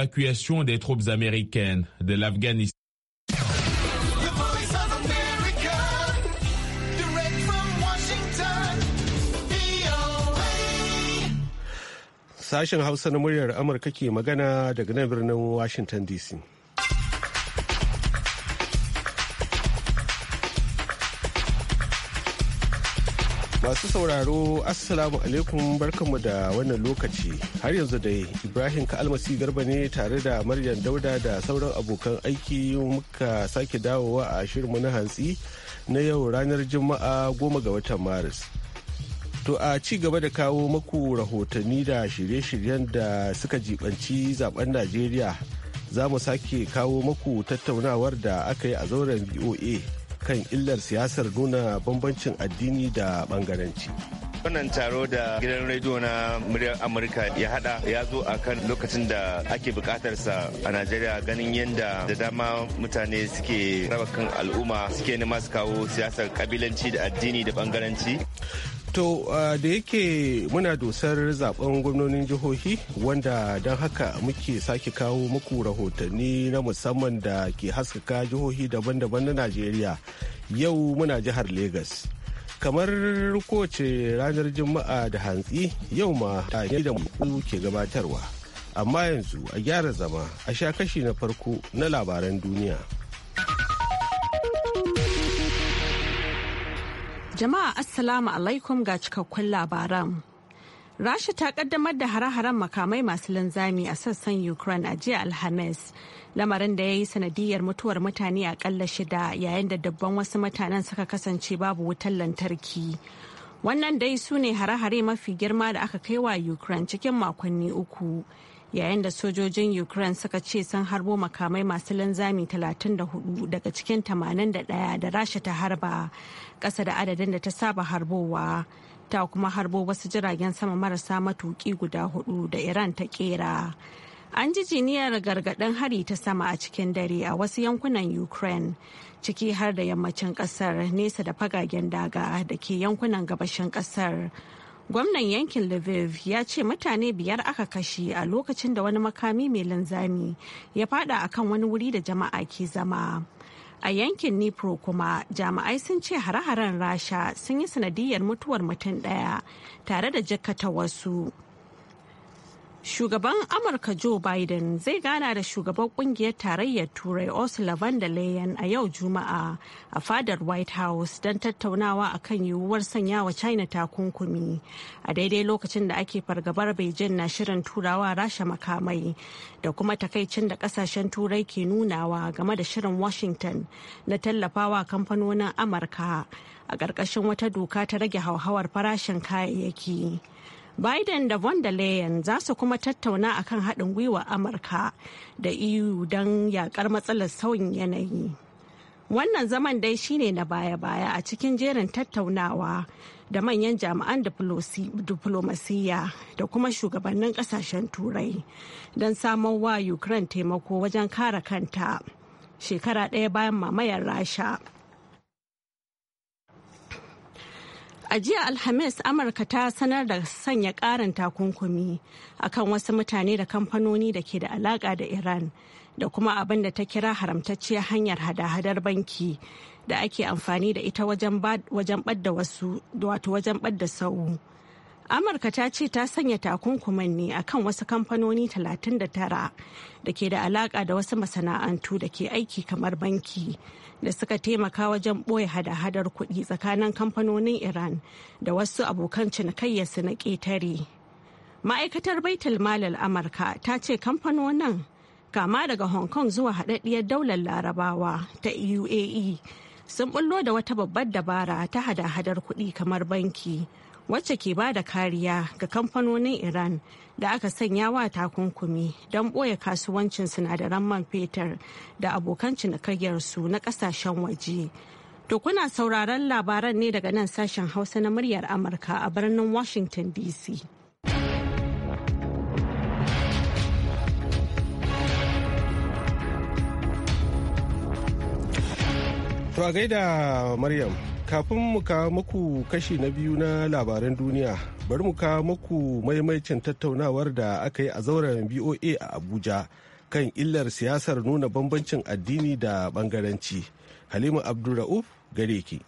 l'évacuation des troupes américaines de l'Afghanistan. Sashen Hausa na muryar Amurka ke magana daga nan birnin Washington DC. Masu sauraro Assalamu alaikum barkanmu da wannan lokaci. Har yanzu dai Ibrahim Kalmasi Garba ne tare da Maryam Dauda da sauran abokan aiki muka sake dawowa a shirinmu na hantsi na yau ranar Juma'a goma ga watan Maris. To a ci gaba da kawo maku rahotanni da shirye-shiryen da suka jibanci zaben Najeriya za mu sake kawo maku tattaunawar da aka yi a zauren BOA. kan illar siyasar nuna bambancin addini da bangaranci. wannan taro da gidan rediyo na muryar amurka ya hada ya zo a kan lokacin da ake bukatarsa a najeriya ganin yadda da dama mutane suke raba kan al'umma suke nema su kawo siyasar kabilanci da addini da bangaranci To uh, da yake muna dosar zaben gwamnonin jihohi wanda don haka muke sake kawo muku rahotanni na musamman da ke haskaka jihohi daban-daban na Najeriya yau muna jihar Legas. Kamar kowace ranar Juma'a da hantsi yau ma a da mu ke gabatarwa. Amma yanzu a gyara zama a sha kashi na farko na labaran duniya. Jama'a Assalamu alaikum ga cikakkun labaran. Rasha ta kaddamar da hare-haren makamai masu linzami a sassan Ukraine a jiya Alhamis, lamarin da ya yi sanadiyar mutuwar mutane akalla shida yayin da dabban wasu mutanen suka kasance babu wutar lantarki. Wannan dai su ne hare-hare mafi girma da aka kai wa Ukraine cikin makonni uku, yayin da sojojin ukraine suka ce sun harbo makamai masu linzami 34 daga cikin 81 da rasha ta harba ƙasa da adadin da ta saba harbowa ta kuma harbo wasu jiragen sama marasa matuki guda hudu da iran ta kera an ji jiniyar gargaɗin hari ta sama a cikin dare a wasu yankunan ukraine ciki har da yammacin ƙasar nesa da fagagen daga da ke yankunan gabashin ƙasar gwamnan yankin lviv ya ce mutane biyar aka kashe a lokacin da wani makami mai linzami ya fada kan wani wuri da jama'a ke zama a yankin nipro kuma jami'ai sun ce hare-haren rasha sun yi sanadiyar mutuwar mutum daya tare da jikkata wasu Shugaban Amurka Joe Biden zai gana da shugaban kungiyar tarayyar Turai Ursula von der Leyen a yau Juma'a a fadar White House don tattaunawa a kan yiwuwar sanya wa China takunkumi a daidai lokacin da ake fargabar Beijing na shirin turawa rasha makamai da kuma takaicin da kasashen Turai ke nunawa game da shirin Washington na tallafawa kamfanonin Amurka a ƙarƙashin wata doka ta rage hauhawar farashin kayayyaki. Biden da von der Leyen za su kuma tattauna akan haɗin gwiwa Amurka da EU don yakar matsalar sauyin yanayi. Wannan zaman dai shine na baya-baya a cikin jerin tattaunawa da manyan jami'an diflomasiyya da kuma shugabannin kasashen turai don samun wa Ukraine taimako wajen kare kanta shekara ɗaya bayan mamayar Rasha. A jiya Alhamis Amurka ta sanar da sanya ƙarin takunkumi akan wasu mutane da kamfanoni da ke da alaƙa da Iran da kuma abin da ta kira haramtacciyar hanyar hada-hadar banki da ake amfani da ita wajen bada wato wajen ɓadda sau. amurka ta ce ta sanya takunkuman ne akan wasu kamfanoni 39 da ke da alaka da wasu masana'antu da ke aiki kamar banki da suka taimaka wajen ɓoye hada-hadar kuɗi tsakanin kamfanonin iran da wasu abokan cinikayyarsu na ƙetare ma'aikatar baitul malal amurka ta ce kamfanonin kama daga hong kong zuwa haɗaɗɗiyar daular larabawa ta uae sun bullo da wata babbar dabara ta hada-hadar kuɗi kamar banki wacce ke ba da kariya ga kamfanonin Iran da aka sanya wa takunkumi don ɓoye kasuwancin sinadaran man fetur da abokan cinikayyarsu na ƙasashen waje. To kuna sauraron labaran ne daga nan sashen Hausa na muryar Amurka a birnin Washington DC. To a gaida Maryam. kafin mu kawo muku kashi na biyu na labaran duniya bari mu kawo muku maimaicin tattaunawar da aka yi a zauren boa a abuja kan illar siyasar nuna bambancin addini da bangaranci halima abdulra'uf gare ki.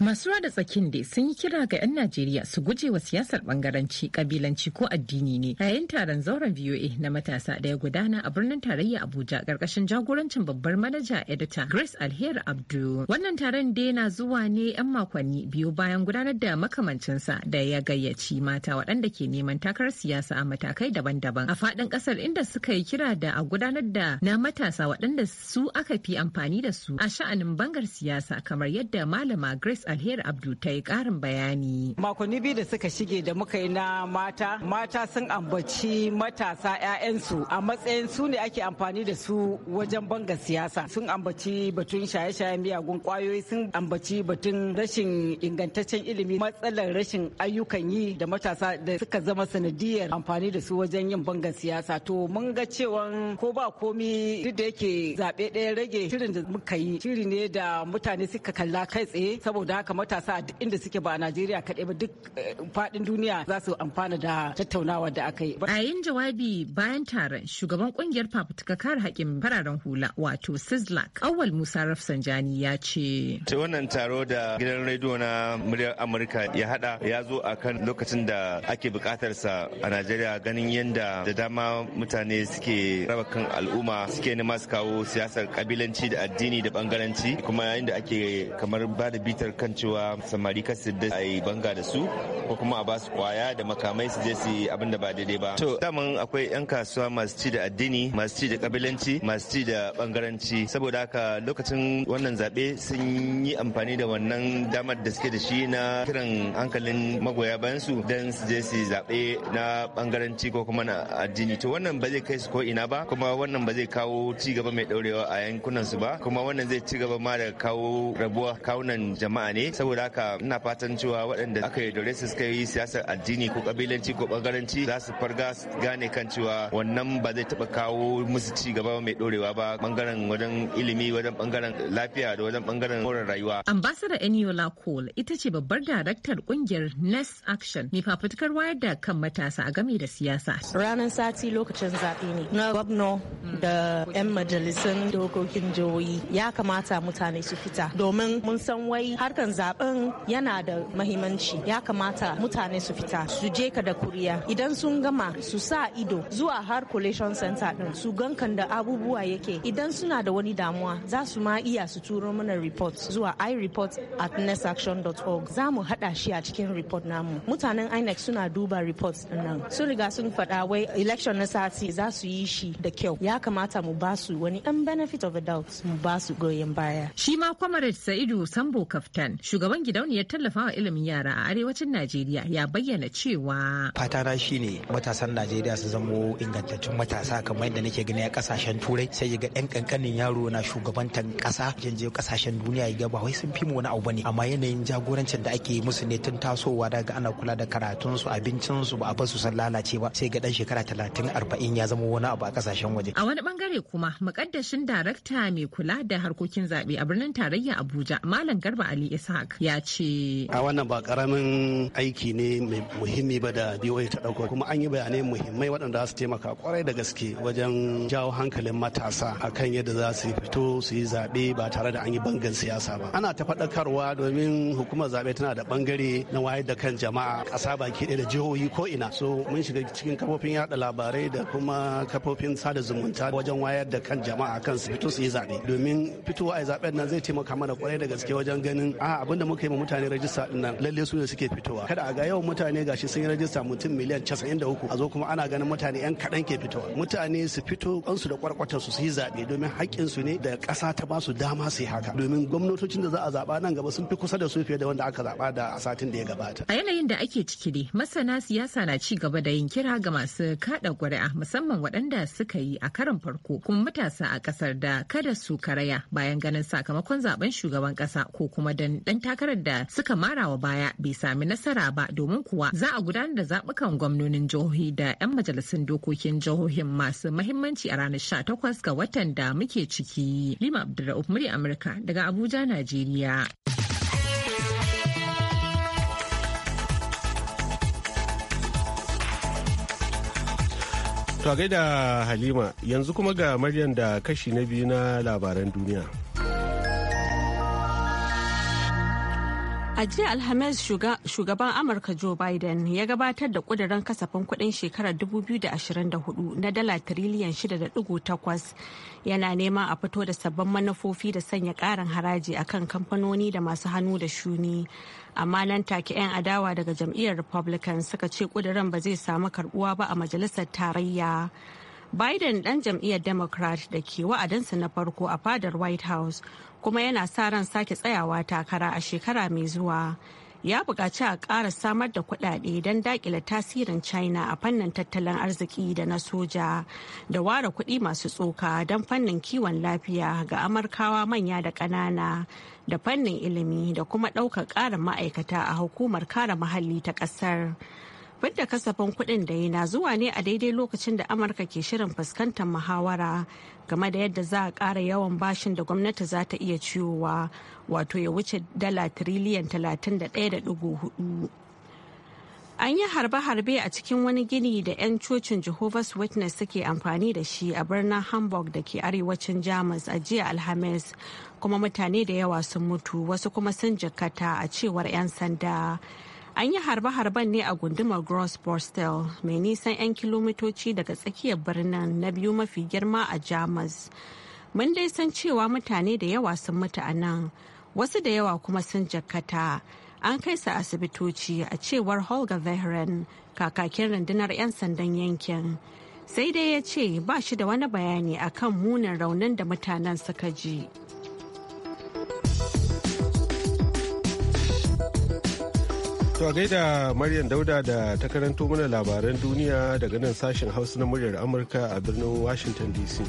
Masu ruwa da tsakin dai sun yi kira ga 'yan Najeriya su guje wa siyasar bangaranci, kabilanci ko addini ne yayin taron zauren VOA na matasa da ya gudana a birnin tarayya Abuja karkashin jagorancin babbar manaja editor Grace Alheri Abdu. Wannan taron dai na zuwa ne 'yan makonni biyu bayan gudanar da makamancinsa da ya gayyaci mata waɗanda ke neman takarar siyasa a matakai daban-daban a faɗin ƙasar inda suka yi kira da a gudanar da na matasa waɗanda su aka fi amfani da su a sha'anin bangar siyasa kamar yadda malama Grace Alheri Abdu ta yi ƙarin bayani. Makonni biyu da suka shige da muka yi na mata, mata sun ambaci matasa 'ya'yansu a matsayin su ne ake amfani da su wajen banga siyasa. Sun ambaci batun shaye shaye miyagun kwayoyi sun ambaci batun rashin ingantaccen ilimi, matsalar rashin ayyukan yi da matasa da suka zama sanadiyar amfani da su wajen yin bangan siyasa. To mun ga cewa ko ba komi duk da yake zaɓe ɗaya rage shirin da muka yi shiri ne da mutane suka kalla kai tsaye saboda haka matasa duk inda suke ba a Najeriya kaɗai ba duk eh, faɗin duniya za su amfana da tattaunawa da aka yi. A yin jawabi bayan taron shugaban kungiyar fafutuka kare haƙƙin fararen hula wato Sislak Awal Musa Rafsanjani ya ce. Ta wannan taro da gidan rediyo na muryar Amurka ya haɗa ya zo a kan lokacin da ake buƙatar sa a Najeriya ganin yadda da dama mutane suke raba kan al'umma suke ni masu kawo siyasar kabilanci da addini da bangaranci kuma yayin da ake kamar ba da bitar kan cewa samari kasu da a yi banga da su ko kuma a ba su kwaya da makamai su je su abin da ba daidai ba. To daman akwai 'yan kasuwa masu ci da addini masu ci da kabilanci masu ci da bangaranci saboda haka lokacin wannan zaɓe sun yi amfani da wannan damar da suke da shi na kiran hankalin magoya bayan su don su je su zaɓe na bangaranci ko kuma na addini to wannan ba zai kai su ko ina ba kuma wannan ba zai kawo ci gaba mai ɗorewa a yankunan su ba kuma wannan zai ci gaba ma da kawo rabuwa kawunan jama'a ne saboda haka ina fatan cewa waɗanda aka yi dore su suka yi siyasar addini ko kabilanci ko bangaranci za su farga su gane kan cewa wannan ba zai taɓa kawo musu ci gaba mai ɗorewa ba bangaren wajen ilimi wajen bangaren lafiya da wajen bangaren horon rayuwa. Ambassador Eniola Cole ita ce babbar daraktar kungiyar Next Action mai fafutukar wayar da kan matasa a game da siyasa. Ranar sati lokacin zaɓe ne na gwamna da 'yan majalisun dokokin jihohi ya kamata mutane su fita domin mun san wai harkan zaben yana da mahimmanci ya kamata mutane su fita su je ka da kuriya idan sun gama su sa ido zuwa har collation center din su gankan da abubuwa yake idan suna da wani damuwa za su ma iya su turo mana report zuwa ireport at za mu hada shi a cikin report namu mutanen inec suna duba report nan sun riga sun faɗa wai election na sati za su yi shi da kyau ya kamata mu ba su wani ɗan benefit of a doubt mu ba su goyon baya. Shi ma Comrade Sa'idu Sambo Kaftan shugaban gidauniyar tallafawa ilimin yara a arewacin Najeriya ya bayyana cewa. Fatana shine matasan Najeriya su zamo ingantaccen matasa kamar yadda nake gani a kasashen turai sai ya ga ɗan kankanin yaro na shugabantan ƙasa janje kasashen duniya ya ba wai sun fi mu wani abu bane amma yanayin jagorancin da ake musu ne tun tasowa daga ana kula da karatunsu abincinsu ba a basu san lalace ba sai ga ɗan shekara talatin arba'in ya zama wani abu a kasashen waje. wani bangare kuma makaddashin darakta mai kula da harkokin zaɓe a birnin tarayya Abuja Malam Garba Ali Ishaq ya ce. A wannan ba karamin aiki ne mai muhimmi ba da BOA ta ɗauko kuma an yi bayanai muhimmai waɗanda za su taimaka kwarai da gaske wajen jawo hankalin matasa akan yadda za su fito su yi zaɓe ba tare da an yi bangan siyasa ba. Ana ta faɗakarwa domin hukumar zaɓe tana da bangare na wayar da kan jama'a ƙasa baki ɗaya da jihohi ko ina. So mun shiga cikin kafofin yaɗa labarai da kuma kafofin sada zumunta ta wajen wayar da kan jama'a kan su fito su yi zaɓe domin fitowa a zaɓen nan zai taimaka mana kwarai da gaske wajen ganin a abin da muka yi ma mutane rajista din nan lalle su ne suke fitowa kada a ga yawan mutane gashi sun yi rajista mutum miliyan 93 a zo kuma ana ganin mutane yan kaɗan ke fitowa mutane su fito kansu da kwarkwatar su su yi zaɓe domin haƙƙin su ne da ƙasa ta ba su dama su yi haka domin gwamnatocin da za a zaɓa nan gaba sun fi kusa da su fiye da wanda aka zaɓa da a satin da ya gabata a yanayin da ake ciki ne masana siyasa na ci gaba da yin kira ga masu kaɗa ƙuri'a musamman waɗanda suka yi a karon farko kuma matasa a kasar da kada su karaya bayan ganin sakamakon zaben shugaban kasa ko kuma dan takarar da suka mara wa baya bai sami nasara ba domin kuwa za a gudanar da zabukan gwamnonin jihohi da 'yan majalisun dokokin jihohin masu mahimmanci a ranar 18 ga watan da muke ciki. Lima Abdulrahman Amurka daga Abuja, Najeriya. To gaida Halima yanzu kuma ga Maryam da kashi na biyu na labaran duniya. A jiya Alhamis shugaban Amurka Joe Biden ya gabatar da kudirin kasafin kudin shekarar 2024 na dala tiriliyan 6.8 yana neman a fito da sabbin manufofi da sanya karin haraji akan kamfanoni da masu hannu da shuni. Amma nan take 'yan adawa daga jam'iyyar Republican suka ce kudirin ba zai samu karbuwa ba a majalisar tarayya. Biden dan jam'iyyar Democrat da ke wa'adansa na farko a fadar White House kuma yana sa ran sake tsayawa takara a shekara mai zuwa ya buƙaci a ƙara samar da kuɗaɗe don daƙile tasirin china a fannin tattalin arziki da na soja da ware kuɗi masu tsoka don fannin kiwon lafiya ga amurkawa manya da ƙanana da fannin ilimi da kuma ɗaukar ƙarin ma'aikata a hukumar kare muhalli ta ƙasar. da kasafin kudin da na zuwa ne a daidai lokacin da amurka ke shirin fuskantar muhawara game da yadda za a kara yawan bashin da gwamnati za ta iya ciyowa wato ya wuce dala tiriliyan 31.4 an yi harbe-harbe a cikin wani gini da 'yan cocin jehovah's witness suke amfani da shi a birnin hamburg da ke arewacin jamus a jiya alhamis kuma mutane da yawa sun mutu wasu kuma sun jikkata a cewar 'yan sanda an yi harbe-harben ne a gundumar gross borstel mai nisan 'yan kilomitoci daga tsakiyar birnin na biyu mafi girma a jamus mun dai san cewa mutane da yawa sun mutu a nan wasu da yawa kuma sun jakkata an kai su asibitoci a cewar holga veheren kakakin rundunar 'yan sandan yankin sai dai ya ce ba shi da wani bayani akan munin raunin da mutanen suka ji. To a gaida Maryam Dauda da ta karanto mana labaran duniya daga nan sashen Hausa na muryar Amurka a birnin Washington DC.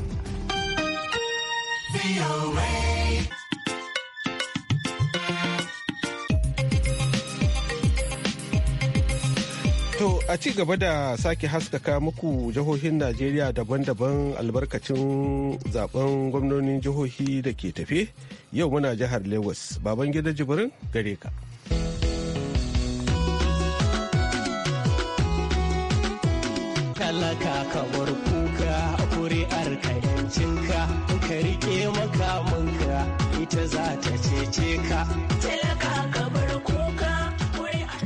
To a ci gaba da sake haskaka muku jihohin Najeriya daban-daban albarkacin zaben gwamnonin jihohi da ke tafe yau muna jihar Lagos. Baban gida jibirin gare ka. talaka ka bar kuka kuri'ar ka yancinka ka rike makamanka ita za ta cece ka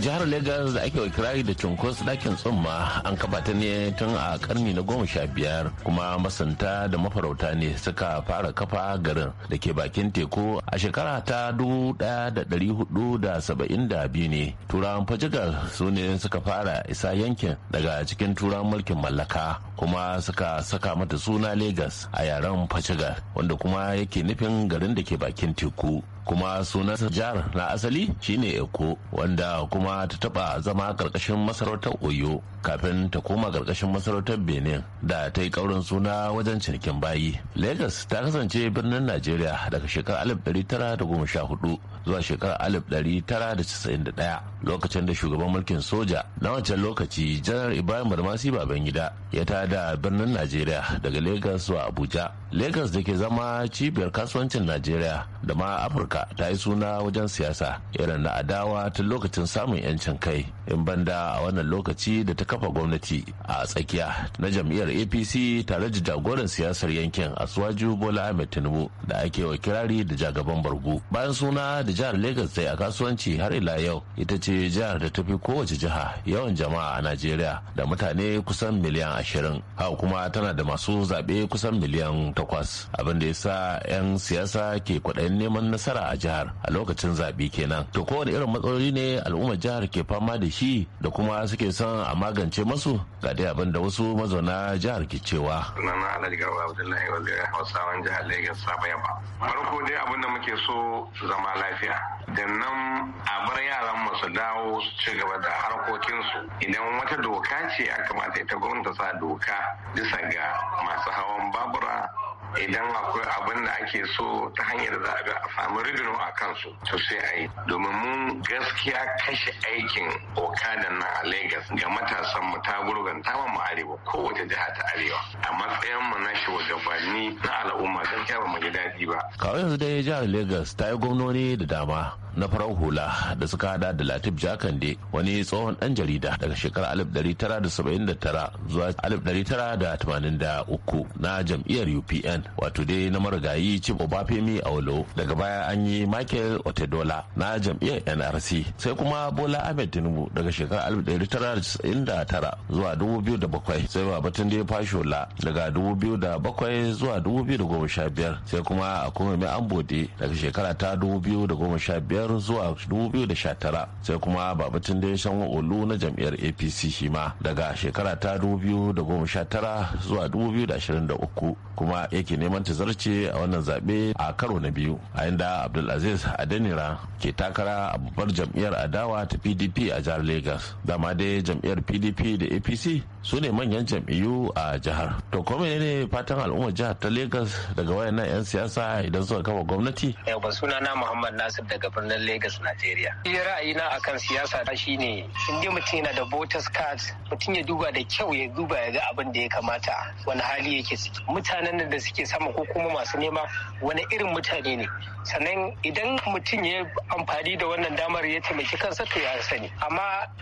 jihar Legas da ake kirari da cunkos dakin tsumma an kafa ta ne tun a karni na goma sha biyar kuma masanta da mafarauta ne suka fara kafa garin da ke bakin teku a shekara ta dubu daya da dari hudu da saba'in da biyu ne turawan fajigar su ne suka fara isa yankin daga cikin turawan mulkin mallaka kuma suka saka mata suna Legas a yaren fajigar wanda kuma yake nufin garin da ke bakin teku kuma sunan jihar na asali shine eko wanda kuma ta taba zama karkashin masarautar oyo kafin ta koma karkashin masarautar benin da ta yi kaurin suna wajen cinikin bayi lagos ta kasance birnin najeriya daga shekarar 1914 zuwa shekarar 1991 lokacin da shugaban mulkin soja na wancan lokaci janar ibrahim barmasi gida ya ta da birnin najeriya daga lagos zuwa abuja lagos da ke zama cibiyar kasuwancin najeriya da ma afirka amurka ta yi suna wajen siyasa irin na adawa tun lokacin samun yancin kai in banda a wannan lokaci da ta kafa gwamnati a tsakiya na jam'iyyar apc tare da jagoran siyasar yankin asuwaju bola ahmed tinubu da ake wa kirari da jagaban bargu bayan suna da jihar lagos sai a kasuwanci har ila yau ita ce jihar da tafi kowace jiha yawan jama'a a najeriya da mutane kusan miliyan ashirin haka kuma tana da masu zaɓe kusan miliyan takwas abin da ya sa 'yan siyasa ke kwaɗayin neman nasara a jihar a lokacin zaɓe kenan to kowane irin matsaloli ne al'ummar jihar ke fama da shi da kuma suke son a magance masu ga dai abin da wasu mazauna jihar ke cewa sunana alhaji garba abdullahi wanda ya sabon jihar lagos sabon yaba farko dai abin da muke so su zama lafiya da nan a bar yaran mu su dawo su ci gaba da harkokinsu idan wata doka ce akamata kamata ita gwamnati sa doka bisa ga masu hawan babura idan akwai abin da ake so ta hanyar da za a samu ribino a kansu to sai a yi domin mun gaskiya kashe aikin okada nan a lagos ga matasan mu ta gurgan ta mu arewa kowace jiha ta arewa a matsayin mu na shugabanni na al'umma gaskiya ba mu ji daɗi ba kawai yanzu dai jihar lagos ta yi gwamnoni da dama na farar hula da suka hada da latif jakande wani tsohon dan jarida daga shekarar 1979 zuwa 1983 na jam'iyyar upn wato dai na marigayi cin obafemi aulo daga baya an yi michael otedola na jam'iyyar nrc sai kuma bola ahmed tinubu daga shekarar 1999 zuwa 2007 sai babatun da ya fashola daga 2007 zuwa 2015 sai kuma akwai mai ambode daga shekara ta 2015 biyar zuwa 2019 sai kuma babatun da ya shan olu na jam'iyyar apc shi ma daga shekara ta 2019 zuwa 2023 kuma yake neman ta zarce a wannan zaɓe a karo na biyu a inda abdulaziz adenira ke takara a babbar jam'iyyar adawa ta pdp a jihar lagos dama dai jam'iyyar pdp da apc su ne manyan jam'iyyu a jihar to kome ne fatan al'ummar jihar ta lagos daga wayannan 'yan siyasa idan suka kafa gwamnati yau ba suna na muhammad nasir daga birnin nan Lagos Najeriya. Ni ra'ayina akan siyasa ta shine in dai mutum yana da voters card mutum ya duba da kyau ya duba ya ga abin da ya kamata wani hali yake ciki. Mutanen da suke sama ko kuma masu nema wani irin mutane ne. Sannan idan mutum ya amfani da wannan damar ya taimaki kansa to ya sani. Amma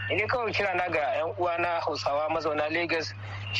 ne kawai kira na ga 'yan uwana Hausawa mazauna Lagos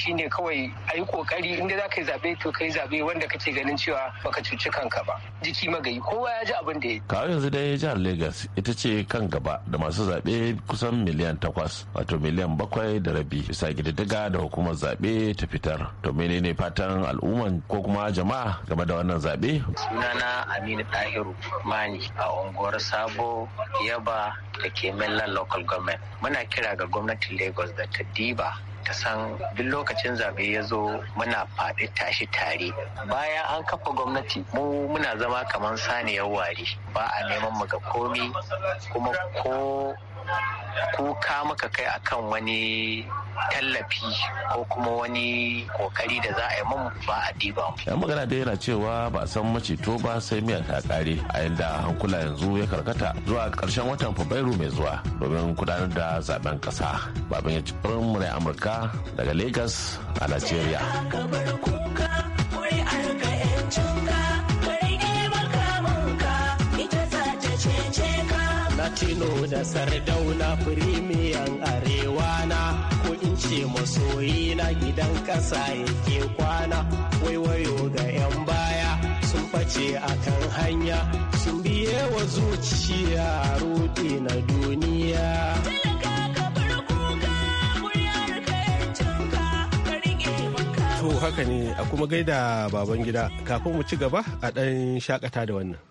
ne kawai a yi kokari inda za ka yi zaɓe to ka yi zaɓe wanda kake ganin cewa baka cuci kanka ba. Jiki magayi kowa ya ji abin da ya. Kawai yanzu dai jihar lagos ita ce kan gaba da masu zaɓe kusan miliyan takwas wato miliyan bakwai da rabi bisa ƙididdiga da hukumar zaɓe ta fitar to menene fatan al'ummar ko kuma jama'a game da wannan zaɓe sunana aminu tahiru mani a unguwar sabo yaba da ke mainland local government muna kira ga gwamnatin lagos da ta diba ta san duk lokacin zaɓe ya zo muna faɗi tashi tare bayan an kafa gwamnati mu muna zama kamar saniyar wari, ba a neman mu ga komi kuma ko kuka muka kai akan wani tallafi ko kuma wani kokari da za a yi mun ba a diba. Yan magana dai yana cewa ba a san maceto ba sai miya ta kare a yadda hankula yanzu ya karkata zuwa karshen watan Fabrairu mai zuwa domin gudanar da zaben kasa. Baban ya ci murai Amurka daga Lagos a Najeriya. Latino da Sardauna Firimiyan a ce masoyi na gidan ƙasa yake kwana waiwayo ga 'yan baya sun face kan hanya sun biye wa zuciya rudi na duniya. to haka ne a kuma gaida baban gida kafin mu ci gaba a ɗan shakata da wannan.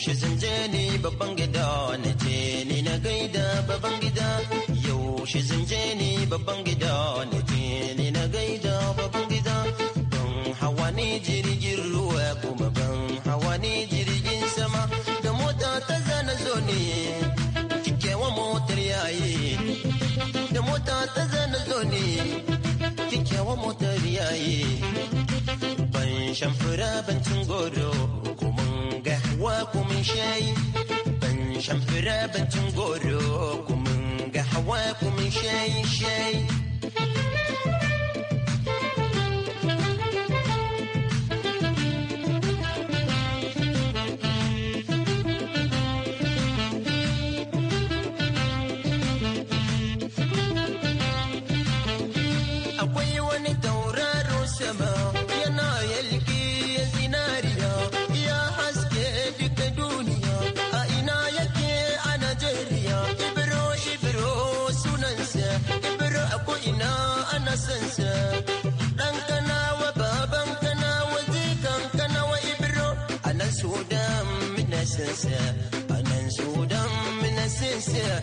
kushe zan je ne babban gida na je ne na gaida babban gida yaushe zan je ne babban gida na je ne na gaida babban gida don hawa ne jirgin ruwa kuma ban hawa ne jirgin sama da mota ta zana zo ne kikewa motar yayi da mota ta zana zo ne kikewa motar yayi ban shamfura ban cin goro wa ku min shayi ban shan fura ban cin goro ku mun ga hawa ku min shayi shayi ننسى أنا نسود من السنسة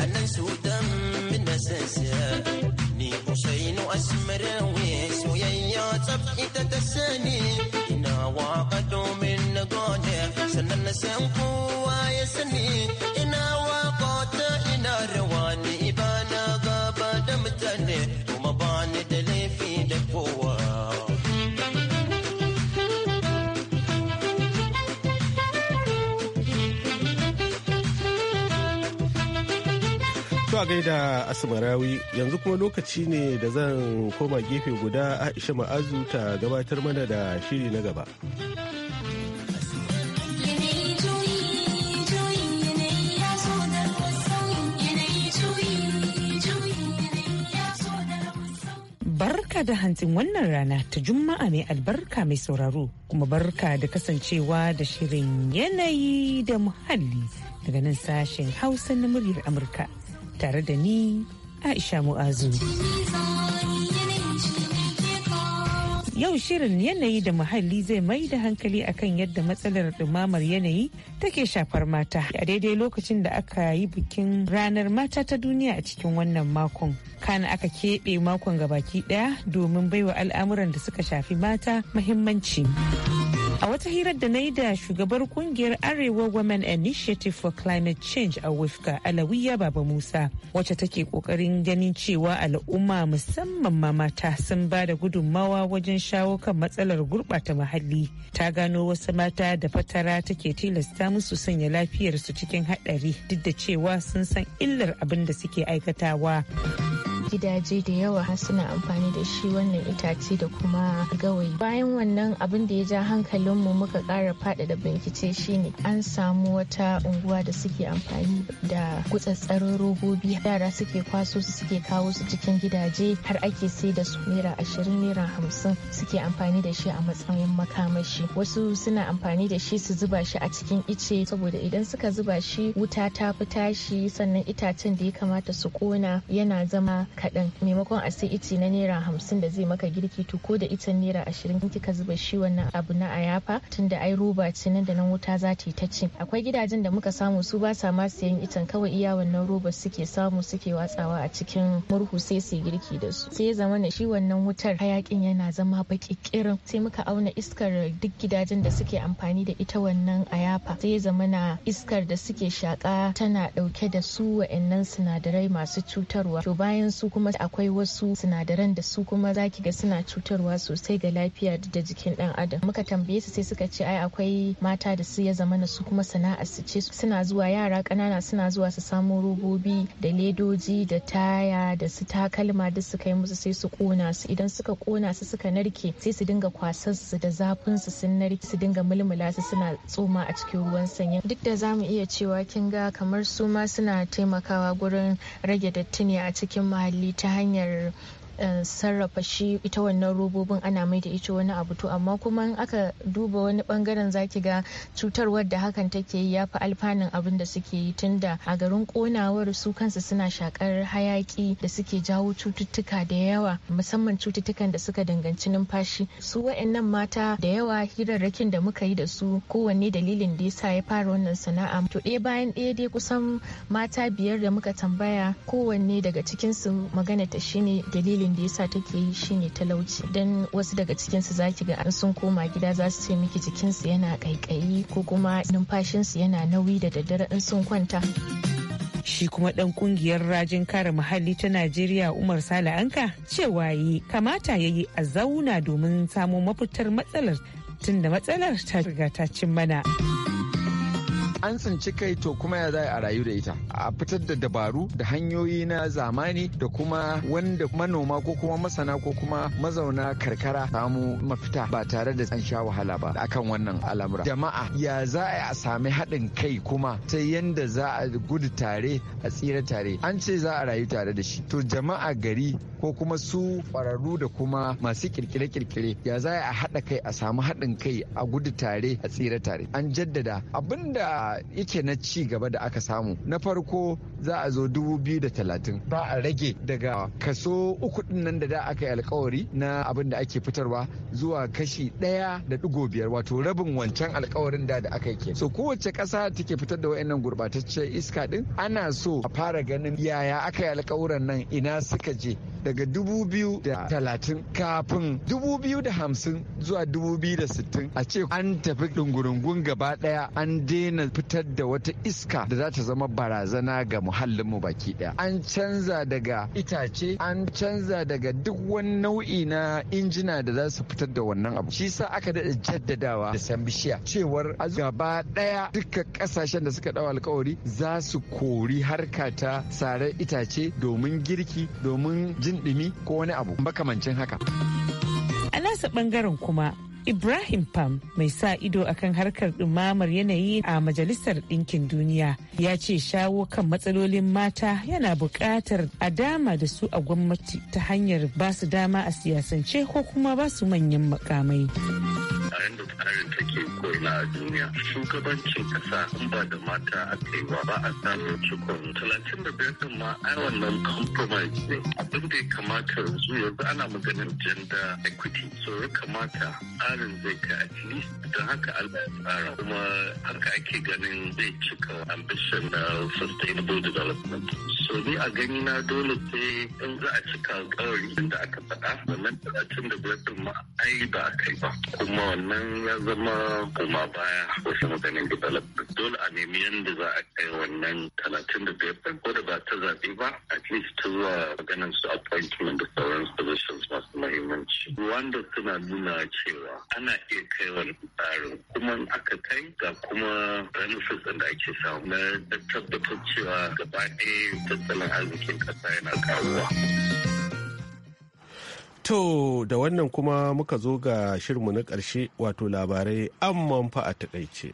أنا نسود من السنسة ني حسين أسمر ويسويا تتساني إنا واقد من قاده سنن سنقوا ويسني a gaida Asmarawi yanzu kuma lokaci ne da zan koma gefe guda Aisha Ma'azu ta gabatar mana da shiri na gaba. Barka da hantsin wannan rana ta Juma'a mai albarka mai sauraro kuma barka da kasancewa da shirin yanayi da muhalli daga nan sashen Hausa na muryar Amurka tare da ni Aisha Mu'azu. Yau shirin yanayi da muhalli zai mai da hankali akan yadda matsalar ɗumamar yanayi take shafar mata a daidai lokacin da aka yi bikin ranar mata ta duniya a cikin wannan makon. Kana aka keɓe makon gabaki ɗaya domin baiwa al'amuran da suka shafi mata muhimmanci. A wata hirar da na yi da shugabar kungiyar Arewa Women Initiative for Climate Change a Wifka Alawiya Baba Musa wacce take kokarin ganin cewa al'umma musamman ma mata sun ba da gudunmawa wajen shawo kan matsalar gurɓata muhalli. Ta gano wasu mata da fatara take tilasta musu sanya lafiyarsu cikin haɗari duk da cewa sun san illar abin da suke aikatawa. gidaje da yawa har suna amfani da shi wannan itace da kuma gawayi bayan wannan abin da ya ja hankalinmu muka ƙara faɗaɗa bincike shine an samu wata unguwa da suke amfani da gutsatsarin robobi yara suke kwaso su suke kawo su cikin gidaje har ake sai da su naira ashirin naira hamsin suke amfani da shi a matsayin makamashi wasu suna amfani da shi su zuba shi a cikin ice saboda idan suka zuba shi wuta ta fi tashi sannan itacen da ya kamata su kona yana zama kaɗan maimakon a sai ice na naira hamsin da zai maka girki to ko da itan naira ashirin kika zuba shi wannan abu na ayafa tunda ai roba ce nan da nan wuta za ta yi ta ci akwai gidajen da muka samu su ba sa ma sayan kawai iya wannan roba suke samu suke watsawa a cikin murhu sai su girki da su sai ya zama na shi wannan wutar hayakin yana zama baki sai muka auna iskar duk gidajen da suke amfani da ita wannan ayafa sai zama na iskar da suke shaka tana dauke da su wa'annan sinadarai masu cutarwa to bayan su kuma akwai wasu sinadaran da su kuma zaki ga suna cutarwa sosai ga lafiya da jikin dan adam muka tambaye su sai suka ce ai akwai mata da su ya zama na su kuma sana'ar su ce suna zuwa yara ƙanana suna zuwa su samo robobi da ledoji da taya da su takalma duk su kai musu sai su kona su idan suka kona su suka narke sai su dinga kwasan su da zafin su sun narke su dinga mulmula su suna tsoma a cikin ruwan sanyi duk da zamu iya cewa kin ga kamar su ma suna taimakawa gurin rage datti ne a cikin muhalli muhalli ta hanyar sarrafa shi ita wannan robobin ana mai da ita wani abu to amma kuma aka duba wani bangaren zaki ga cutarwar da hakan take yi ya fi alfanun abin da suke yi tunda a garin konawar su kansu suna shakar hayaki da suke jawo cututtuka da yawa musamman cututtukan da suka danganci numfashi su wa'annan mata da yawa hirarrakin da muka yi da su kowanne dalilin da yasa ya fara wannan sana'a to ɗaya bayan ɗaya dai kusan mata biyar da muka tambaya kowanne daga cikinsu magana ta shine dalilin dalilin da yasa take yi shine talauci dan wasu daga cikin su zaki ga an sun koma gida za su ce miki jikinsu yana kaikayi ko kuma numfashinsu yana nauyi da daddare in sun kwanta shi kuma dan kungiyar rajin kare muhalli ta Najeriya Umar Sale Anka cewa yi kamata ya a zauna domin samo mafitar matsalar tunda matsalar ta riga ta cin mana. an tsinci kai to kuma ya za a rayu da ita a fitar da dabaru da hanyoyi na zamani da kuma wanda manoma ko kuma masana ko kuma mazauna karkara samu mafita ba tare da an sha wahala ba akan wannan al'amura jama'a ya za a sami haɗin kai kuma ta yanda za a gudu tare a tsira tare an ce za a rayu tare da shi to jama'a gari ko kuma su ƙwararru da kuma masu kirkire-kirkire ya za a haɗa kai a samu haɗin kai a gudu tare a tsira tare an jaddada abinda ice na ci gaba da aka samu na farko za a zo dubu biyu da talatin ba a rage daga kaso uku din nan da da aka yi alkawari na abin da ake fitarwa zuwa kashi ɗaya da digo biyar wato rabin wancan alkawarin da da aka yi so kowace kasa take fitar da wayannan gurbatacce iska din ana so a fara ganin yaya aka yi alkawuran nan ina suka je daga dubu biyu da talatin kafin dubu biyu da hamsin zuwa dubu biyu da sittin a ce an tafi ɗungurungun gaba ɗaya an daina fitar da wata iska da za ta zama barazana ga muhallinmu baki daya an canza daga itace an canza daga duk wani nau'i na injina da za su fitar da wannan abu shi sa aka daɗa jaddadawa da san bishiya cewar a gaba daya duka ƙasashen da suka ɗau alkawari za su kori harka ta sare itace domin girki domin jin ɗumi ko wani abu makamancin haka a nasa bangaren kuma Ibrahim Pam mai sa ido akan harkar ɗumamar yanayi a Majalisar Ɗinkin Duniya ya ce shawo kan matsalolin mata yana buƙatar a dama da su a gwamnati ta hanyar ba su dama a siyasance ko kuma ba su manyan makamai. a yadda tsarin take koina a duniya shugabancin kasa in ba da mata a kaiwa ba a samun cikon talatin da biyar din ma ai wannan compromise ne abin da ya kamata yanzu yanzu ana maganar gender equity so ya kamata tsarin zai ka at least don haka Allah tsara kuma haka ake ganin zai cika ambition na sustainable development So ni a gani na dole sai in za a cika alkawari da aka faɗa wannan talatin da biyar ɗin ma ai ba a kai ba. Kuma wannan ya zama koma baya wasu maganin development. Dole a nemi yadda za a kai wannan talatin da biyar ɗin ko da ba ta zaɓe ba at least ta zuwa maganin su appointment da sauran positions masu mahimmanci. Wanda suna nuna cewa ana iya kai wani tsarin kuma aka kai ga kuma benefits da ake samu na tabbatar cewa gaba ɗaya tattalin arzikin kasa yana To da wannan kuma muka zo ga shirmu na ƙarshe wato labarai amman fa a takaice.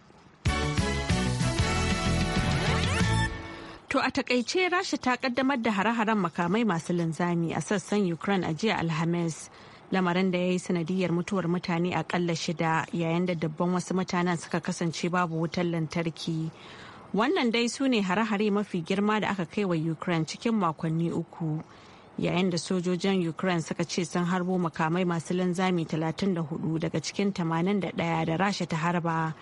To a takaice Rasha ta kaddamar da hare-haren makamai masu linzami a sassan Ukraine a jiya Alhamis. Lamarin da ya yi sanadiyar mutuwar mutane akalla shida yayin da dabban wasu mutanen suka kasance babu wutar lantarki. Wannan dai su ne hare-hare mafi girma da aka kai wa Ukraine cikin makonni uku. Yayin da sojojin Ukraine suka ce sun harbo makamai masu linzami 34 daga cikin 81 da Rasha ta harba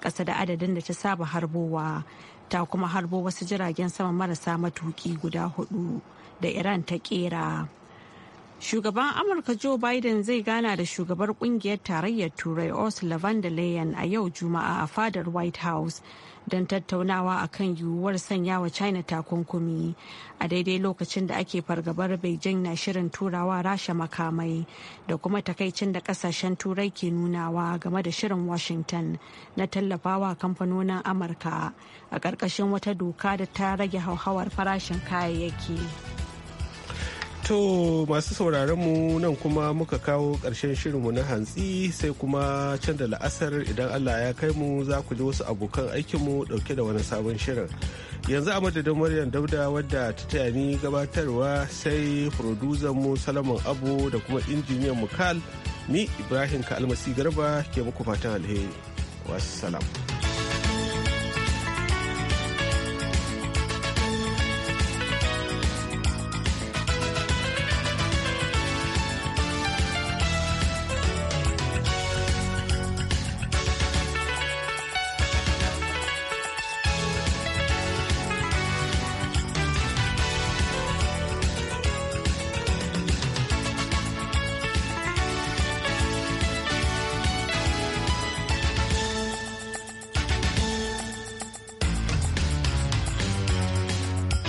kasa da adadin da ta saba harbowa. Ta kuma harbo wasu jiragen sama marasa matuki guda hudu da Iran ta kera. Shugaban Amurka Joe Biden zai gana da shugabar kungiyar tarayyar Turai Ursula von der Leyen a yau Juma'a a fadar White House don tattaunawa a kan yiwuwar sanya wa china takunkumi a daidai lokacin da ake fargabar beijing na shirin turawa rasha makamai da kuma takaicin da kasashen turai ke nunawa game da shirin washington na tallafawa kamfanonin amurka a ƙarƙashin wata doka da ta rage hauhawar farashin kayayyaki. To masu sauraron mu nan kuma muka kawo ƙarshen shirinmu na hantsi sai kuma can da la'asar idan Allah ya kai mu za ku ji wasu abokan aikinmu ɗauke da wani sabon shirin. Yanzu a madadin Maryam Dauda wadda ta taya ni gabatarwa sai mu Salamun Abu da kuma injiniyan mu Kal ni Ibrahim Kalmasi Garba ke muku fatan alheri. Wassalam.